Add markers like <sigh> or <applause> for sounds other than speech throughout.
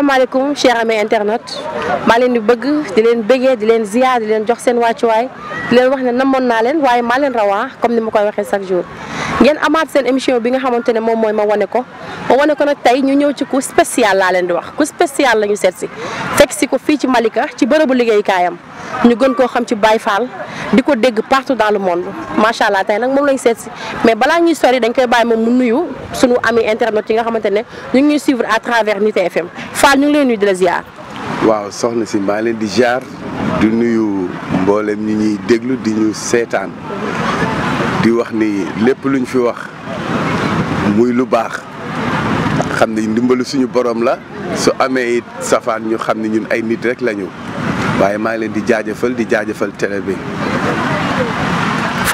السلام عليكم شيرامي انترنت ما لين بغ دي لين بيغي دي لين زياد دي لين جوخ سين واتواي دي لين واخنا نمون نالين واي ما رواه كوم ني مكو واخي ساك جور ngeen amaat seen émission bi nga xamante ne moom mooy ma wane ko ma wane ko nag tey ñu ñëw ci ku spécial laa leen di wax ku spécial la ñu seet si fekk si ko fii ci Malika ci bërëbu liggéeykaayam ñu gën koo xam ci Baye Fall di ko dégg partout dans le monde macha allah tey nag moom lañ seet si mais balaa ñuy sori dañ koy bàyyi moom mu nuyu suñu ami internet yi nga xamante ne ñu ngi ñuy suivre à travers Nite FM Fall ñu leen lay nuyu di la ziar. waaw soxna si maa leen di ziar di nuyu mboolem ñi déglu di ñu seetaan. di wax ni lépp lu ñu fi wax muy lu baax xam ne ndimbalu suñu borom la su amee it safaan ñu xam ne ñun ay nit rek lañu waaye maa ngi leen di jaajëfal di jaajëfal télé bi.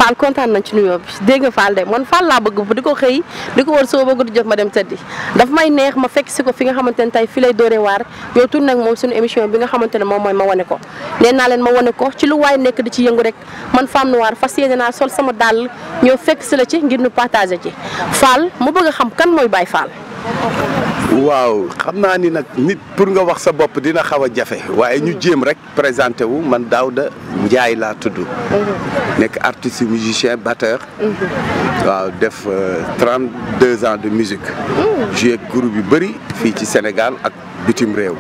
Fall kontaan nañ ci nuyoo bi dégg nga Fall de man Fall laa bëgg di ko xëy di ko wër soo bëgg di jëf ma dem tëddi daf may neex ma fekk si ko fi nga xamante ne tey fi lay doore waar yow tur nag moom suñu émission bi nga xamante ne moom mooy ma wane ko nee naa leen ma wane ko ci lu waay nekk di ci yëngu rek man Femme waar fa yéene naa sol sama dàll ñoo fekk si la ci ngir nu partagé ci Fall mu bëgg a xam kan mooy Baye Fall waaw xam naa ni nag nit pour nga wax sa bopp dina xaw a jafe waaye ñu jéem rek présenté wu man Daouda Ndiaye laa tudd. Mhm. nekk artiste musicien batteur. Mhm. waaw def euh, trente deux ans de musique. Mhm. joué groupe yu bari fii ci Sénégal ak bitim réew.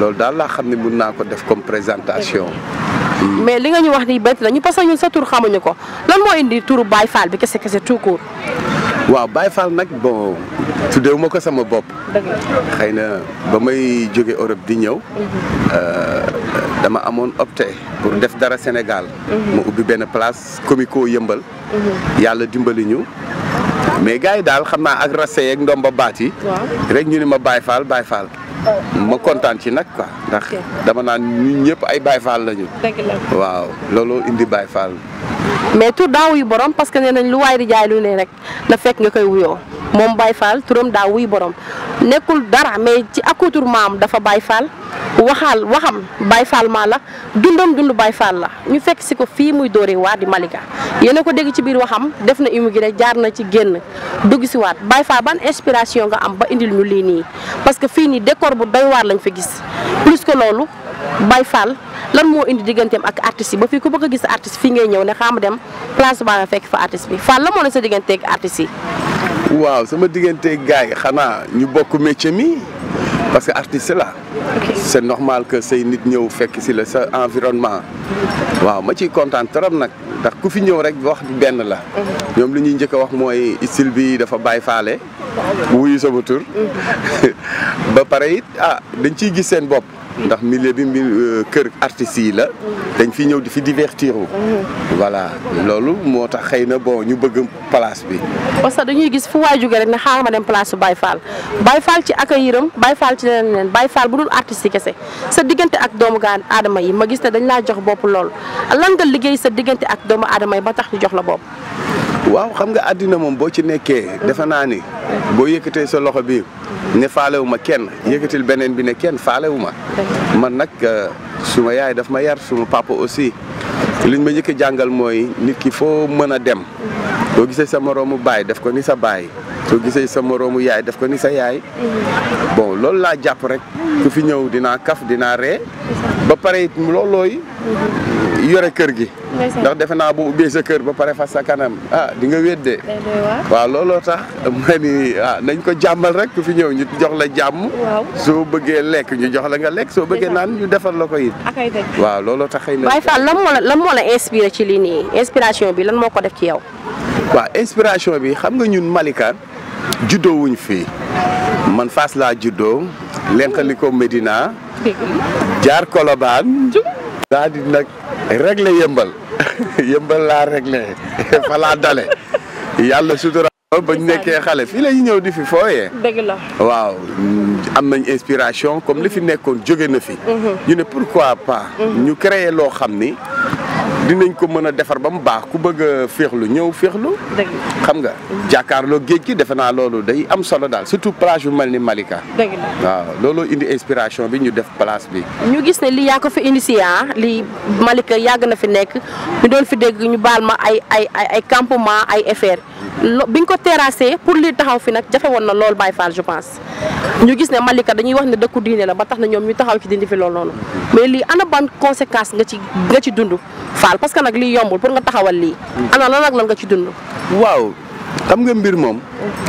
loolu daal laa xam ne mun naa ko def comme présentation. mais li nga ñu wax nii bett na ñu que ñun sa tur xamuñu ko lan moo indi turu Baye Fall bi kese kese tout court. waaw Baye Fall nag bon tuddeewu ma ko sama bopp. xëy na ba may jóge Europe di ñëw. Mhm. Euh, dama amoon opté pour def dara Sénégal. ma mhm. ubbi benn place comico yëmbal. Mhm. yàlla dimbali ñu. mais gars yi daal xam naa ak rase yeeg ndomba baat yi. rek ñu ne ma Baye Fall Baye Fall. ma kontaan ci nag quoi ndax dama naan ñun ñëpp ay Baye Fall lañu. waaw looloo indi baay Fall. mais tur daa wuyu borom parce que nee nañ lu waaye di jaay lu ne rek na fekk nga koy wuyoo. mom Baye Fall turam wuy borom Nekul dara mais ci akutur mam dafa bayfal Fall waxaal waxam Baye Fall mala. la dundam dund Fall la ñu fekk ci ko fi muy dóore wa di Malika yene ko deg ci bir waxam def na immigré jaar na ci genn dugg ci wat ban inspiration nga am ba indil ñu li ni parce que fi ni décor bu doy war lañ fi gis plus que lolu Baye Fall lan mo indi digantem ak artiste ba fi ko bëgg gis artiste fi ngay ñew ne xam dem place ba nga fekk fa artiste bi Fall la mo ne sa digantek artiste waaw sama diggante gars yi xanaa ñu bokk métier mi parce que artiste la c'est normal que say nit ñëw fekk si la sa environnement waaw ma ciy kontaan trop nag ndax ku fi ñëw rek wax benn la mhm. ñoom li ñuy njëkk a wax mooy style bi dafa bàyyi faale mhm. wuyu sama tur mhm. <laughs> ba pare it ah dañ ciy gis seen bopp ndax milieu bi mi euh, kër artistes yi la dañ fi ñëw di fi divertir wu mhm. voilà loolu moo tax xëy na boo ñu bëgg place bi parce que dañuy gis fu waay jógee rek ne xaaral ma dem place su Baye Fall Baye Fall ci accueil am Baye faal ci leneen leen bay Fall bu dul artistes yi kese sa diggante ak doomu gaa aadama yi ma gis ne dañ laa jox bopp lool a lan nga liggéey sa diggante ak doomu aadama yi ba tax ñu jox la bopp waaw xam nga àddina moom boo ci nekkee defe naa ni boo yëkkatee sa loxo bi ne faalewu ma kenn yëkkatil beneen bi ne kenn faalewu ma man nag euh, suma yaay daf ma yar suma papa aussi liñ ma njëkk a jàngal mooy nit ki foo mën a dem boo gisee sa moroomu baay def ko ni sa baay soo gisee sa moroomu yaay def ko ni sa yaay bon loolu laa jàpp rek ku fi ñëw dinaa kaf dinaa ree ba pare it loolooy yore kër gi ndax defe naa bu ubbee sa kër ba pare fa sa kanam ah di nga wéddee waaw looloo tax ma ni ah nañ ko jàmmal rek ku fi ñëw ñu jox la jàmm soo bëggee lekk ñu jox la nga lekk soo bëggee naan ñu defar la ko it waaw looloo tax xëy na Baye moo la lan moo ci lii nii inspiration bi lan moo ko def ci yow waaw inspiration bi xam nga ñun Malika juddoo wuñ fii man fas laa juddoo lenqaliko Médina jaar Colobane daa di nag réglé yëmbal <laughs> yëmbal laa réglé <laughs> fa laa dale yàlla sutura bañ nekkee xale fii la ñëw di fi fooye dëgg la waaw am nañ inspiration comme li fi nekkoon jóge na fi mhm. ñu ne pourquoi pas mhm. ñu créer loo xam ni dinañ ko mën a defar ba mu baax ku bëgg féexlu ñëw féexlu. xam nga. jàkkaarloo géej gi defe naa loolu day am solo daal surtout plage yu mel ni Malika. looloo indi inspiration bi ñu def place bi. ñu gis ne li yaa fi initié ah, li Malika yàgg na fi nekk ñu doon fi dégg ñu baal ma ay ay ay campement ay affaire bi ñu ko terrassé pour li taxaw fi nag jafe woon na lool Baye Fall je pense ñu gis ne Malika dañuy wax ne dëkku diine la ba tax na ñoom ñu taxaw ci dindi fi loolu noonu mais lii ana ban conséquence nga ci nga ci dund. Fall parce que nag lii yombul pour nga taxawal lii. Mm. ana la nag lan nga ci dund. waaw xam nga mbir moom.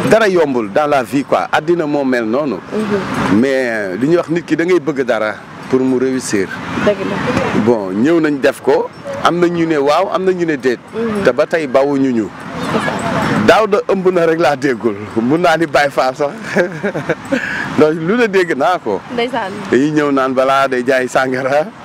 dara yombul dans la vie quoi àddina moom mel noonu. Mm-hmm. mais euh, li ñuy wax nit ki da ngay bëgg dara pour mu réussir. bon ñëw nañ def ko am na ñu ne waaw am na ñu ne déet. Mm-hmm. te ba tey bawuñu ñu. daaw da ëmb na rek laa déggul mun naa ni Baye Fall sax donc <laughs> lu ne dégg naa ko. ndeysaan dañuy ñëw naan balaa day jaay sàngara.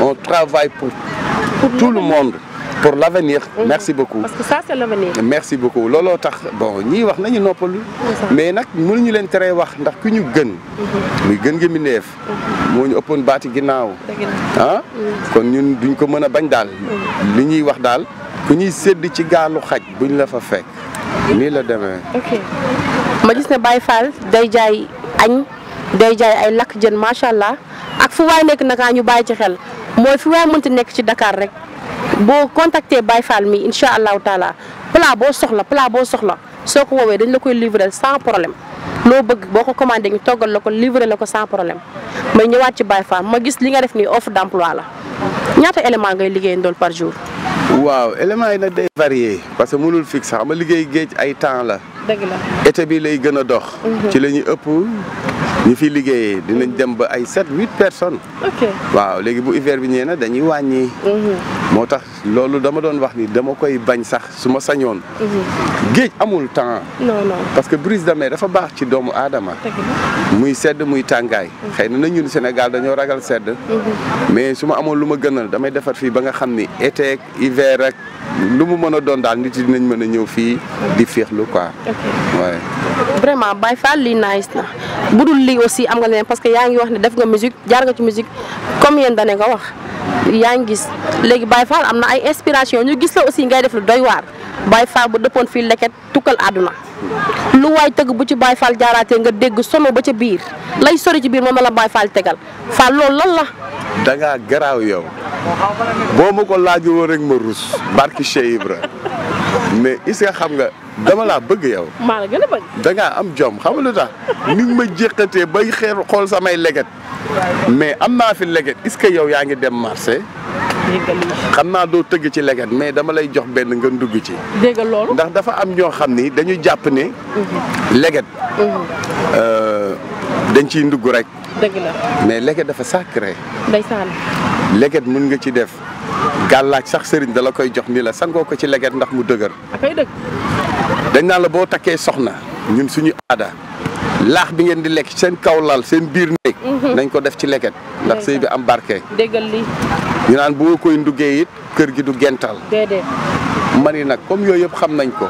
On travaille pour, pour tout le monde. pour l'avenir mhm. merci beaucoup parce que ça c'est l'avenir merci beaucoup looloo tax bon ñii wax nañu nopal mais mënu ñu leen teree wax ndax ku ñu gën mhm. muy gën gi mindeef mhm. moo ñu ëppone baati ginnaaw ah kon ñun duñ ko mëna bañ dal li ñuy wax dal ku ñuy sédd ci gaalu xaj buñ la fa fekk nii la demee ok ma gis ne Baye Fall day jaay agn day jaay ay lakk jën macha ak fu way nek naka ñu bay ci xel mooy fi waay mënti nekk ci dakaar rek boo contacter Baye Fall mi incha allahu taala plat boo soxla plat boo soxla soo ko woowee dañ la koy livrer sans problème loo bëgg boo ko commandé ñu toggal la ko livrer la ko sans problème may ñëwaat ci Baye Fall ma gis li nga def nii offre d'emploi la ñaata élément ngay liggéey ndool par jour. waaw élément yi nag day varié parce que mënul fixe sax nga liggéey géej ay temps la. dëgg la été bi lay gëna dox. Mhm. ci la ëpp ñu fi liggéey dinañ dem ba ay 7 8 personnes. ok waaw légui bu hiver bi ñëwee na dañuy wañi motax mhm. loolu dama doon wax ni dama koy bañ sax suma sañoon. Mhm. géej amul temps. non non parce que brise de mer dafa baax ci doomu adama muy sedd muy tangay xeyna na na ñun Sénégal dañoo ragal sedd. mais suma ma luma gënal damay defar fi ba nga xamni été ak hiver ak. lu mu mën a doon daal nit yi dinañ mën a ñëw fii di féexlu quoi. waaye vraiment Baye Fall lii nice na bu dul lii aussi am nga leen parce que yaa ngi wax ne def nga musique jaar nga ci musique comme yéen dane nga wax yaa ngi gis léegi Baye Fall am na ay inspiration ñu gis la aussi ngay def lu doy waar Baye Fall bu dëppoon fii leket tukkal àdduna. lu waay tëgg bu ci Baay Faal jaaraatee nga dégg solo ba ca biir lay sori ci biir ma la Baay Faal tegal Faal lool lan la. da garaaw yow boo ma ko laaju woon rek ma rus barki Cheikh mais is xam nga dama laa bëgg yow. maa da ngaa am jom xam nga lu tax ni ma jéqatee bay xeer xool samay leget mais am naa fi leget est-ce que yow yaa ngi dem marché. xam naa doo tëgg ci leget mais dama lay jox benn nga dugg ci. loolu ndax dafa am ñoo xam ni dañu jàpp ne. Mhm. leget. Mhm. Euh, dañ ciy ndugg rek. mais leget dafa sacré. ndeysaan. leget mën nga ci def gàllaaj sax sëriñ dala koy jox ni la sangoo ko ci leget ndax mu dëgër. akay dañ naan la boo takkee soxna ñun suñu aada. laax bi ngeen di lekk seen kaw lal seen biir néeg mhm. nañ ko def ci leket ndax sëy bi am barke déggal ñu naan boo nga koy nduggee it kër gi du gental déedéet man yi nag comme yooyu yëpp xam nañ ko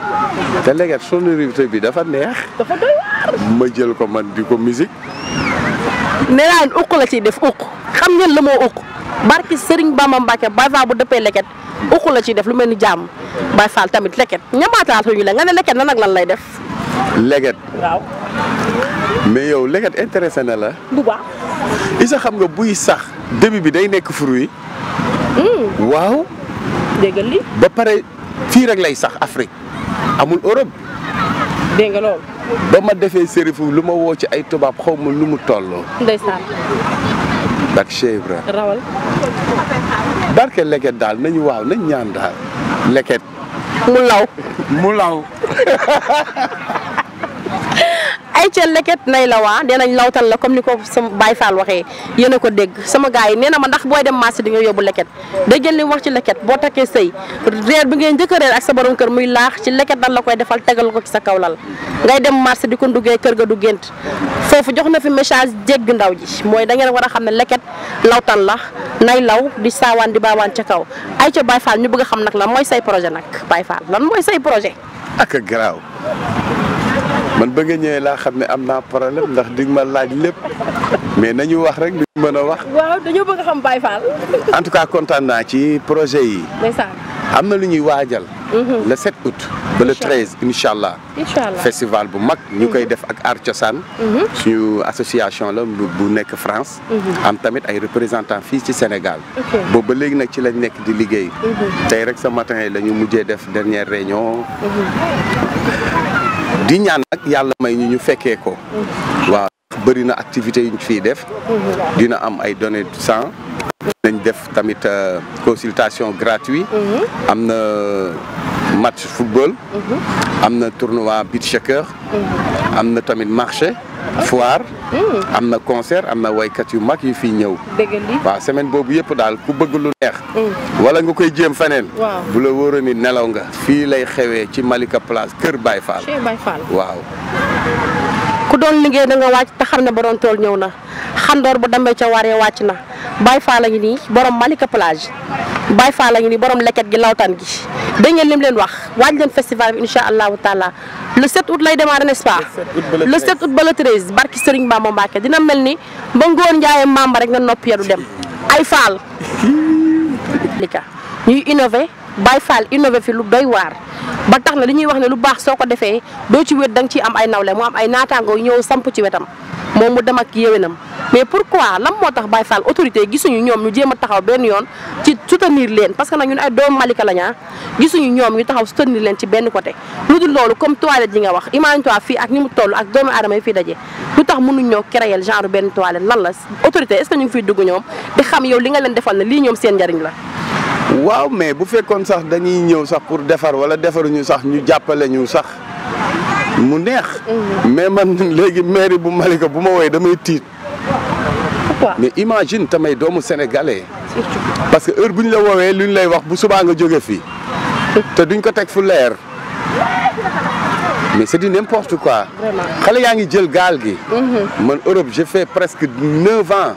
te leket sonorité bi dafa neex ma jël ko man di ko musique nee naan uq la ciy def uq xam ngeen la moo uq barki Serigne Bamba Mbacke Baye Fall bu dëppee leket uq la ciy def lu mel ni jàmm Baye tamit leket ñamaataatuñu la nga ne leket na nag lan lay def leket mais yow légat intéressé na la. bu isa xam nga buy sax début bi day nekk fruit. Hmm. waaw. ba pare fii rek lay sax Afrique amul Europe. dégg nga loolu. ba ma defee sérifu lu ma woo ci ay tubaab xaw ma nu mu tolloo. ndeysaan. ak daal nañu waaw nañ ñaan daal leket. mu law mu law. <laughs> ay ca leket nay la waa dee nañ lawtal la comme ni ko sama Baye Fall waxee yéen ko dégg sama gaa yi nee na ma ndax booy dem marché di nga yóbbu leket da jël li wax ci leket boo takkee sëy reer bi ngeen njëkk a reer ak sa borom kër muy laax ci leket dan la koy defal tegal ko ci sa kaw lal ngay dem marché di ko duggee kër ga du génn foofu jox na fi message jégg ndaw ji mooy da ngeen war a xam ne leket lawtal la nay law di saawaan di baawaan ca kaw ay ca Baye Fall ñu bëgg xam nag lan mooy say projet nag Baye Fall lan mooy say projet ak garaaw man ba nga ñëwee laa xam ne am naa problème ndax di ma laaj lépp mais nañu wax rek duñ mën a wax. waaw dañoo bëgg xam Baye Fall. en tout cas kontaan naa ci projet yi. am na lu ñuy waajal. Mhm. le 7 août. ba le 13 incha allah. festival bu mag ñu koy mhm. def ak Aar Cosaan. Mhm. suñu association la bu nekk France. am tamit ay représentants fii ci Sénégal. boobu ba léegi nag ci lañ nekk di liggéey. tey rek ce matin yi ñu mujjee def dernière réunion. di ñaan nag yàlla may ñu ñu fekkee ko mm. waaw bëri na activité yi fi def dina am ay données de sang dañ def tamit euh, consultation gratuite mhm. am match football mhm. am tournoi beach soccer mhm. am tamit marché foire am concert am way kat yu mak yu fi ñëw wa semaine bobu yépp dal ku bëgg lu neex mm. wala nga koy jéem feneen bu la wóoree ni nelaw nga fi lay xewé ci Malika Place kër Baye Fall waaw ku doon liggéey da nga wàcc te xam ne ba doon tool ñëw na xandoor bu dambee ca waree wàcc na baay Fall a ngi nii borom Malika plage baay Fall a ngi nii borom leket gi lawtan gi da ngeen lim leen wax waaj leen festival bi incha allahu taala le 7 août lay démarrer n'est-ce pas le 7 août ba le 13 barki Serigne Bamba Mbacke dina mel ni ba ngoon njaaye mamba rek nga noppi ya dem ay Fall <laughs> ñuy innover Baye Fall innové fi lu doy waar ba tax na li ñuy wax ne lu baax soo ko defee doo ci wét da nga ciy am ay nawle mu am ay naataangoo ñëw samp ci wetam moom mu dem ak yéwénam mais pourquoi lan moo tax Baye Fall autorité gisuñu ñoom ñu jéem a taxaw benn yoon ci soutenir leen parce que nag ñun ay doomu Malika la ñaa ah. gisuñu ñoom ñu taxaw soutenir leen ci benn côté lu dul loolu comme toilette yi nga wax imagine toi fii ak ni mu toll ak doomu aadama yi fii daje lu tax mënuñ ñoo créer genre benn toilette lan la autorité est-ce que ñu ngi fiy dugg ñoom di xam yow li nga leen defal ne lii ñoom seen la waaw mais bu fekkoon sax dañuy ñëw sax pour defar wala defaruñu sax ñu jàppale ñu sax mu neex. Mhm. mais man léegi mairie bu Malika bu ma woowee damay tiit. pourquoi mais imagine tamay doomu sénégalais. parce que heure bu ñu la woowee lu ñu lay wax bu subaa nga jóge fii. te duñ ko teg fu leer. mais c'est du n'importe quoi. xale yaa ngi jël gaal gi. Mhm. man Europe j'ai fait presque 9 ans.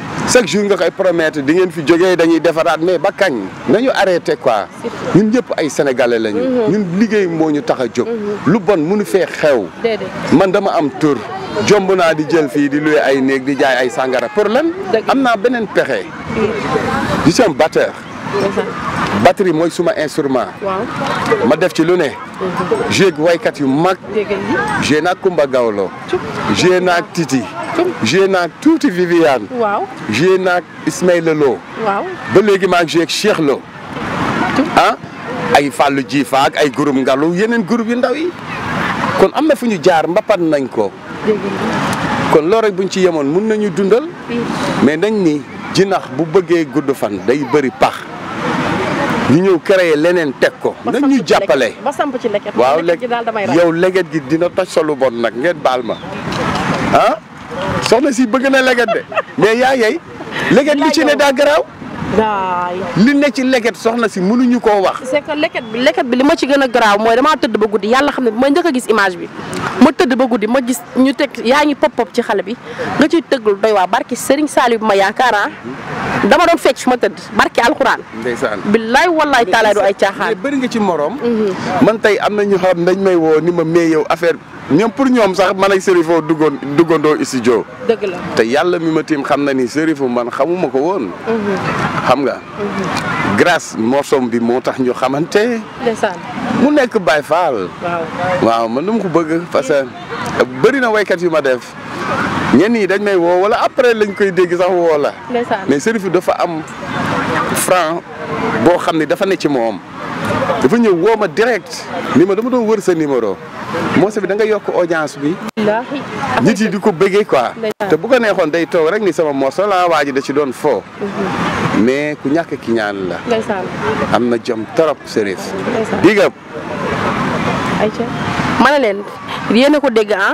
chaque jour nga koy promettre di ngeen fi jógee dañuy defaraat mais ba kañ nañu arrêté quoi ñun ñëpp ay sénégalais lañu. Mhm. ñun liggéey moo ñu tax a jóg. Mhm. lu bon mënu fee xew. man dama am tur jomb naa di jël fii di luwe ay néeg di jaay ay sangara pour lan. am naa beneen pexe. di ci am batteur. batterie mooy suma instrument. ma def ci lu ne. Mhm. jéeg waykat yu mag. jéeg naa Kumba Gawlo. jéeg naa Titi. joué naa tuuti Viviane. waaw joué naa ak Ismaïla Lo. ba léegi maa ngi joué Lo. ah ay Fallou Jifa ak ay groupe Ngalu yeneen groupe yu ndaw yi kon am na fu ñu jaar mbapat nañ ko. kon loolu rek buñ ci yemoon mun nañu dundal. mais nañ ni jinax bu bëggee gudd fan day bëri pax. ñu ñëw créé leneen teg ko. nañ ñu jàppale ba samp ci leket yow leket gi dina toj solu bon nag ngeen baal ma ah. soxna si bëgg na legat de mais yaay yaay legat li ci ne da graw li ne ci leket soxna si mënuñu koo wax. c'est leket bi leket bi li ma ci gën a garaaw mooy damaa tëdd ba guddi yàlla xam ne ma njëkk a gis image bi ma tëdd ba guddi ma gis ñu teg yaa ngi pop pop ci xale bi nga ci tëggul doy waa barki Serigne saali bi ma yaakaar ah, dama doon fecc fi ma tëdd barki alxuraan. ndeysaan billaay wallaay taalaay du ay caaxaan. bëri nga ci moroom mhm. man tey am na ñu xam dañ may woo ni ma mais yow affaire ñoom pour ñoom sax man ak Serifo duggoon duggandoo studio. dëgg la te yàlla mi ma tiim xam na ni Serifo man xamuma ko woon. Mhm. xam nga. Mhm. grâce morsom bi moo tax ñu xamante. mu nekk Baye Fall. waaw man dama ko bëgg parce que bëri na waykat yu ma def. ñenn ñi dañ may woo wala après lañ koy dégg sax woo la. mais Cherif dafa am franc boo xam ne dafa ne ci moom. dafa ñëw woo ma direct ni ma dama doon wër sa numéro. moo sa bi da nga yokk audience bi. nit yi di ko bëggee quoi te bu ko neexoon day toog rek ni sama morceau la waa ji da ci doon foo mhm. mais ku ñàkk ki ñaan la am na jom torop sérieux digab ayca ma ne leen yéen ko dégg ah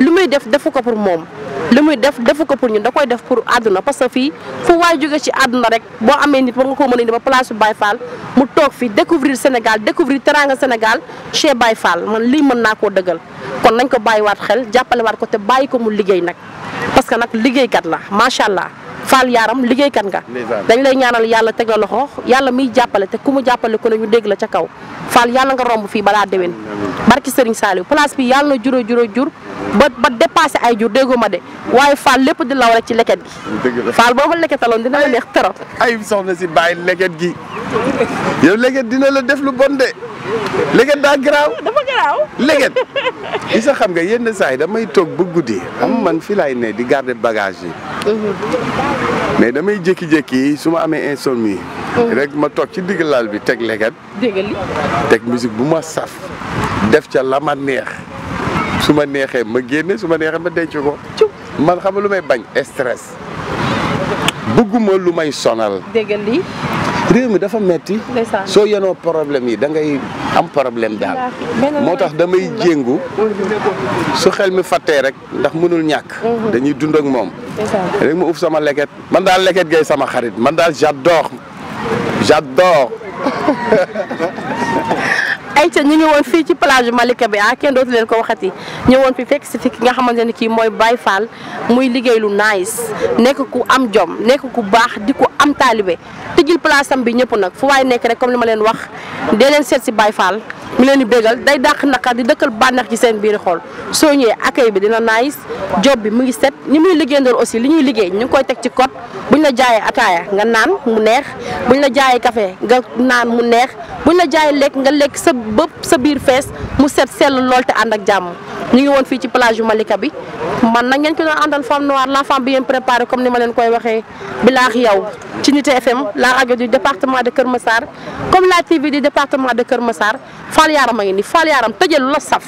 li muy def defu ko pour moom li muy def defu ko pour ñun da koy def pour àdduna parce que fii fu jóge ci àdduna rek boo amee nit war nga koo mën a indi ba place su mu toog fi découvrir Sénégal découvrir teranga Sénégal chez Baye faal man lii mën naa koo dëggal kon nañ ko bàyyiwaat xel jàppalewaat ko te bàyyi ko mu liggéey nag parce que nag liggéeykat la macha allah. faal yaaram kat nga dañ lay ñaanal yàlla teg la loxo yàlla miy jàppale te ku mu jàppale ku ne ñu dégg la ca kaw faal yàlla nga romb fii balaa déwén barki Serigne Saliou place bi yàlla na jur a jur ba ba dépassé ay jur déggoo ma de waaye faal lépp di law rek ci leket gi faal boo ma leketaloon dina la neex trop ay soxna si bàyyi leket gi yow leket dina la def lu bon de léget daa garaaw dafa garaaw léget li <laughs> sa xam nga yenn saa yi damay toog ba guddi am man fi laay ne di garder bagage yi mhm. mais damay jékki-jékki su ma amee insomnie mhm. rek ma toog ci digg laal bi teg léget teg musique bu ma saf def ca la ma neex su ma neexee ma génne su ma neexee ma denc ko man xam nga lu may bañ stress bëgguma lu may sonal dégg réew mi dafa metti soo yenoo problème yi da ngay am problème daal moo tax damay jéngu su xel mi fàttee rek ndax mënul ñàkk mhm. dañuy dund ak moom rek ma uf sama leket man daal leket gay sama xarit man daal j'adore j'adore ayca <laughs> ñu ñëwoon fii ci plage Malika bi ah kenn dootu leen ko waxati ñu woon fi fekk si fi ki nga xamante ni kii mooy Baye Fall muy liggéey lu nice nekk ku am jom nekk ku baax di ko am taalibe tëjil place am bi ñëpp nag fu waaye nekk rek comme li ma leen wax dee leen seet si Baye Fall mi leen di bégal day dàq naqar di dëkkal bànneex ci seen biir xool soo ñëwee accueil bi dina nice job bi mu ngi set ñi muy liggéeyandool aussi li ñuy liggéey ñu ngi koy teg ci code ñu la jaayee ataaya nga naan mu neex bu ñu la jaayee kafe nga naan mu neex buñ la jaayee lekk nga lekk sa bëpp sa biir fees mu set sell lool te ànd ak jàmm ñu ngi woon fii ci plage yu Malika bi man nag ngeen ko doon femme noire la femme bien préparée, préparé comme ni ma leen koy waxee bilaax yow ci Nité FM la radio du département de Kermessar. comme la TV du département de Kër Massar Fall Yaram a ngi nii Fall Yaram tëjal la saf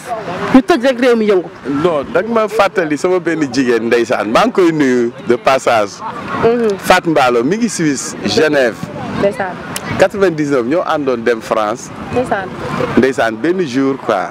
ñu tëj rek réew mi yëngu. non dag ma fàttali sama benn jigéen ndeysaan maa ngi koy nuyu de passage. Mhm. Fat Mballo mi ngi Suisse Genève. Ndeysane. 99 ñoo àndoon dem France. Ndeysane. Ndeysane, benn jour quoi.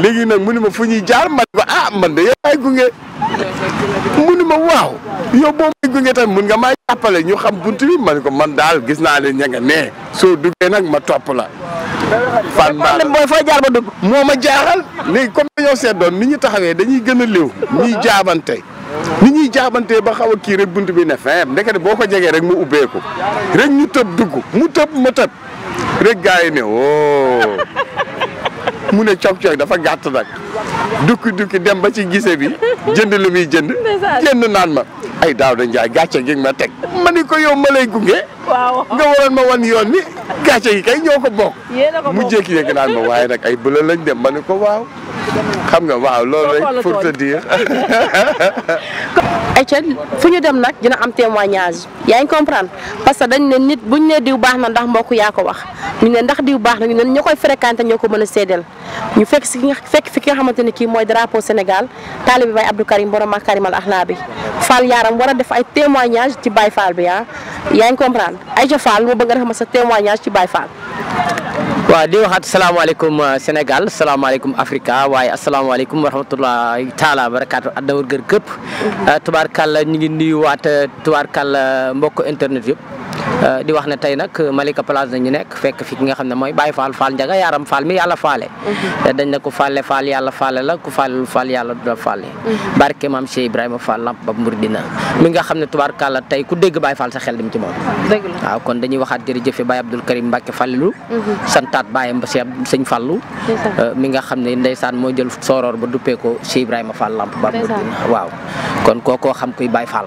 legui nak munima ni ma jaar ma ah man de yaay gungé gunge waw yo bo may gunge tam mun nga maay jappalé ñu xam buntu bi man ko man dal gis na ne ñanga né so duggé nak ma top la fan problème mooy fa jaar ba dug moma jaaxal legui comme dañoo sédon ni ñi taxawé dañuy gëna lew léew jaabanté ni ñi jaabanté ba xawa ki rek buntu bi ne feeb ndekete boo ko rek mu ko rek ñu tëb dug mu tëb ma tëb rek gaay ne oo oh. mu ne coog coog dafa gàtt nag dukki dem ba ci gise bi jënd lu muy jënd. jënd naan ma ay daaw da njaay gàcce gi ma teg. ma ni ko yow ma gunge. waaw nga waroon ma wan yoon ni gàcce gi kay ñoo ko bokk. mu jékki-jékki naan ma waaye nag ay bële lañ dem ma ni ko waaw. xam nga waaw loolu rek pour te dire. <laughs> fu ñu dem nag dina am témoignage yaa ngi comprendre parce que dañ ne nit bu ñu nee diw baax na ndax mbokk yaa ko wax ñu ne ndax diw baax na ñu ne ñoo koy fréquenté ñoo ko mën a séedeel ñu fekk si fekk fi ki nga xamante ne kii mooy drapeau Sénégal taalibe Baye Abdou Karim borom ak Karimal Axlaa bi faal yaaram war a def ay témoignage ci baay Fall bi ah yaa ngi comprendre ayca Fall mu bëgg a ma sa témoignage ci Baye Fall. waaw di waxaat salaamaaleykum euh, Sénégal salaamaaleykum Africa waaye asalaamaaleykum wa rahmatullahi taala barakaatu àddawar gër këpp mm-hmm. euh, tubaarkàlla ñu ngi nuyuwaat euh, tubaarkàlla mbokk internet yëpp Euh, di wax ne tey nag euh, a place nañu nekk fekk fi ki nga xam ne mooy Baye Fall Fall Njaga yaaram Fall mi yàlla faale mhm. euh, dañ na ko faale Fall yàlla faale la ku faalelu Fall yàlla la faale mhm. barke maam xam ne tubaarkàlla tey ku dégg Baye mhm. moo jël sooroor ba duppee ko Cheikh Ibrahima Fall lamp ba Mouridina waaw kon kookoo xam kuy Baye Fall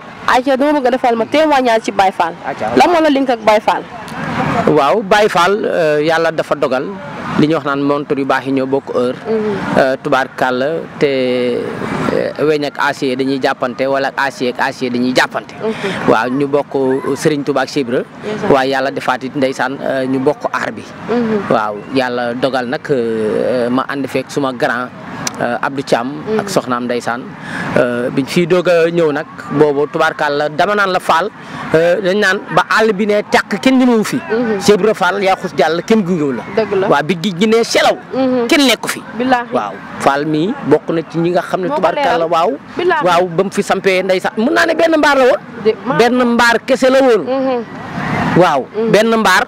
link ak waaw Baye Fall euh, yàlla dafa dogal li ñuy wax naan montre yu baax yi ñoo bokk heure. Mhm. Euh, tubaarkàll te euh, weñ ak acier dañuy jàppante wala ak acier dañuy jàppante. waaw ñu bokk Serigne Touba ak waaye yàlla defaat ndeysaan ñu bokk aar bi. Mhm. waaw yàlla dogal nag ma ànd feek suma grand. Euh, Abdou Thiam. ak soxnaam ndeysaan euh, biñ fii doog a ñëw nag boobu tubaarkaal la dama naan la faal euh, dañ naan ba àll bi ne tàq kenn ñëwu fi. Cheikh mhm. Ibra Fall yaa xus jàll kenn gungewu la. dëgg la waaw bi gij gi ne selaw. Mhm. kenn nekku fi. waaw Fall mii bokk na ci ñi nga xam ne tubaarkaal la waaw. waaw ba mu fi sampee ndeysaan mun naa ne benn mbaar la woon. benn mbaar kese la woon. Mhm. waaw benn mbaar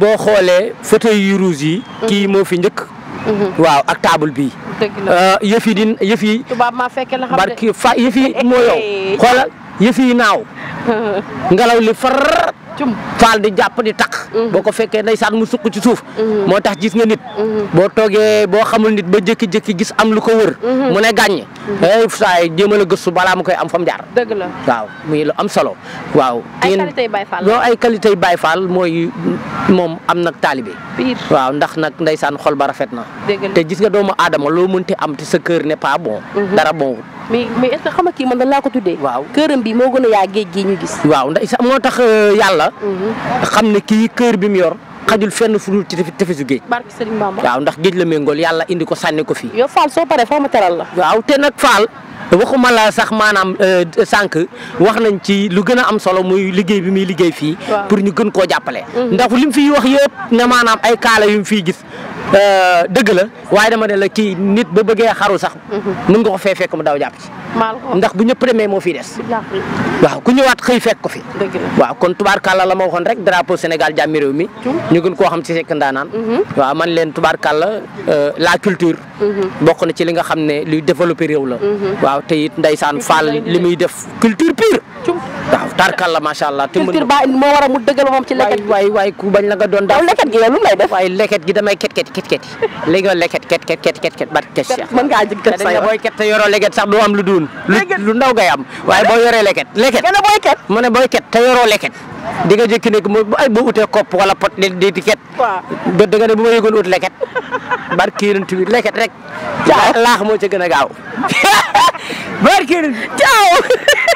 boo xoolee fauteuil yu rouge yi. kii moo fi njëkk. Mhm. waaw ak table bii. Euh, yëf yi di yëf yi. tubaab maa fekke la xam barki fa yëf yi moo yow. <laughs> xoolal yëf yi naaw. <laughs> ngelaw li far. faal di jàpp di taq mhm. boo ko fekkee ndeysaan mu sukk ci suuf mhm. moo tax gis nga nit mhm. boo toogee boo xamul nit ba jékki-jékki gis am lu ko wër mu ne gàññ ay eh, saay jéemal a gëstu balaa mu koy am fa mu jaar dëgg la waaw muy lu am solo waaw loo ay qualité yi Baay Faal mooy moom am nag taalibe waaw ndax nag ndeysaan xol ba rafet na te gis nga doomu aadama loo mënti am te sa kër n'est pas bon dara bon mais mais est xam nga kii man dañ ko tuddee. waaw këram bi moo gën a yaa géej gi ñu gis. waaw ndax moo tax euh, yàlla. Mhm. xam ne kii kër bi mu yor. xajul fenn fu dul ci tefesu géej. barke Serigne Bamba. waaw ndax géej la méngool yàlla indi ko sànni ko fii. yow Fall soo paree foo ma teral la. waaw te nag Fall waxuma la sax maanaam euh, sànq wax nañ ci lu gën a am solo muy liggéey bi muy liggéey fii. pour ñu gën koo jàppale. Mhm. ndax li mu fiy wax yëpp ne maanaam ay kaala yu mu fiy gis. Euh, dëgg la waaye dama de la kii nit ba bëggee xaru sax. mën mhm. nga ko fee fekk mu daw jàpp ci. ndax bu ñëpp demee moo fiy des. waaw ku ñëwaat xëy fekk ko fi. waaw kon tubaar tubaarkàlla la moo waxoon rek drapeau Sénégal jàmmi réew mi. ñu gën koo xam ci Seck Ndanane. Mhm. waaw man leen tubaar tubaarkàlla euh, la culture. Mhm. bokk na ci li nga xam ne luy développé réew la. waaw te it ndeysaan Fall li muy def culture pure. waaw tarkalla macha allah. te mën moo war a mu dëggal moom ci leket gi. waay waay bañ la nga doon daaw leket gi yow def. waay leket gi damay ket ket ket léegi wala ket ket ket ket ket jig ket sa yor leket sax du am lu duun lu ndaw ngay am waaye boo yoree leket leket gën a ket mu ne leket di nga jékki ay boo utee kopp wala pot di di ket do da nga <laughs> leket rek laax moo ca gën a gaaw <laughs> barki yonent caaw <laughs>